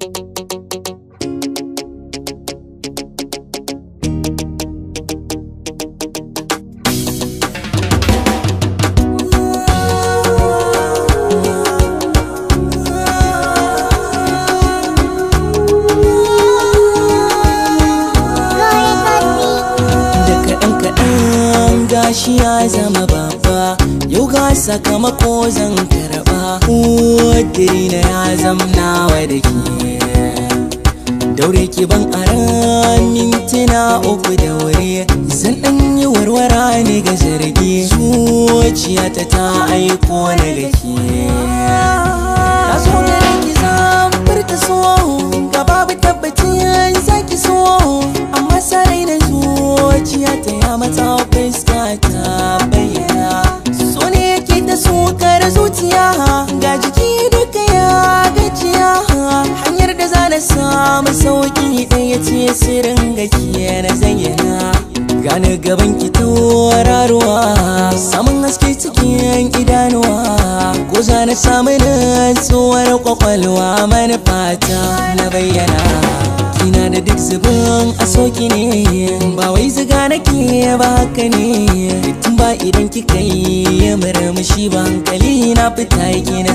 Thank you. shi ya zama babba yau ga sakamako zan karba kudiri na ya zamna wa da ke daure ki ban aran mintuna uku da wuri zan ɗan yi warwara ne ga zargi zuciya ta ta aiko na ga ke na so garin zan furta ga babu tabbacin zaki so amma zuciya ta mata ya ce sirrin gakiya na zayyana gane gaban ki ta wararuwa samun haske cikin idanuwa goza na samu nutsuwar kwakwalwa manufata na bayyana kina da duk zubin a soki ne ba wai ziga nake ba haka ne tun ba idan kika yi murmushi ba hankali na fita yake na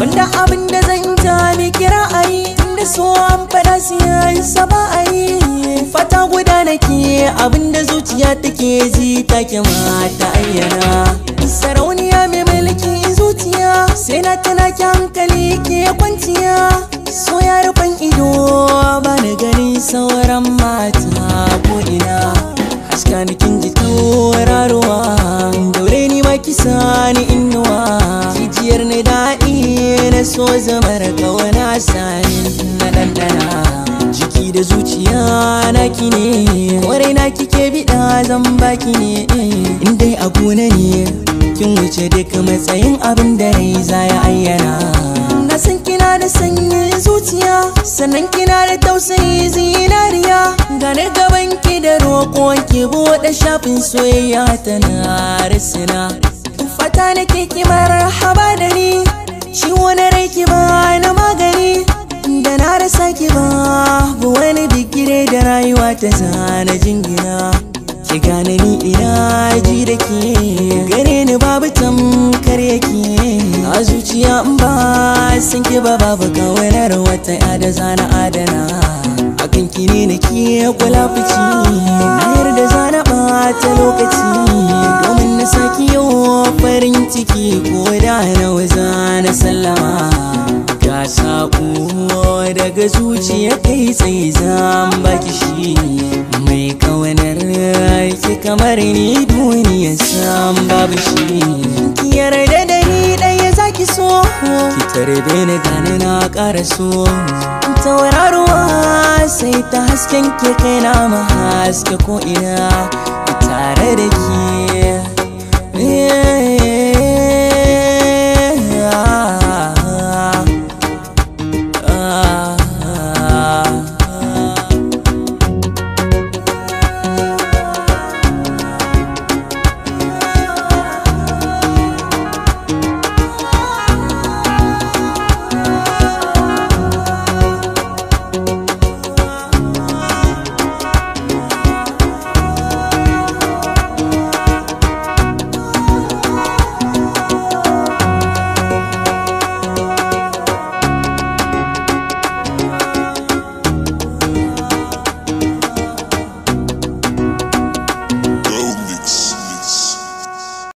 wanda abin da zan ta mi kira'ayi da so an fada siyansa ba a yi fata guda nake abinda zuciya take ji take ma ta ayyana sarauniya mai mulki zuciya sai na tana ki hankali ke kwanciya so ya rufan ido ba na gani sauran mata ko ina haska ni kin ji tauraruwa daure ni ma kisa ni inuwa jijiyar ni daɗi na so zamar kawana sa bida naki ne kwarai na kike bida zan baki ne in dai a gona ne kin wuce duka matsayin abin da rai za ya ayyana na san kina da sanyi zuciya sannan kina da tausayi zinariya gane gaban ki da roƙon ki buɗe shafin soyayya ta na risina fata nake ki haba da ni shi wani rai ki ba ta sana jingina ki gane ni ina ji da ke gare ni babu tamkar yake a zuciya in ba san ki ba babu kawarar rawata ya da zana adana akan ki ne na ke kula fici mayar da zana bata lokaci domin na saki yau farin ciki ko da wa zana sallama ga saƙo daga zuciya kai sai zan baki shi mai kawanar ki kamar ni duniya san babu shi ki yarda da ni ɗaya zaki so ki tarbe ni gani na ƙara so tauraruwa sai ta hasken ke kai na haske ko ina tare da ki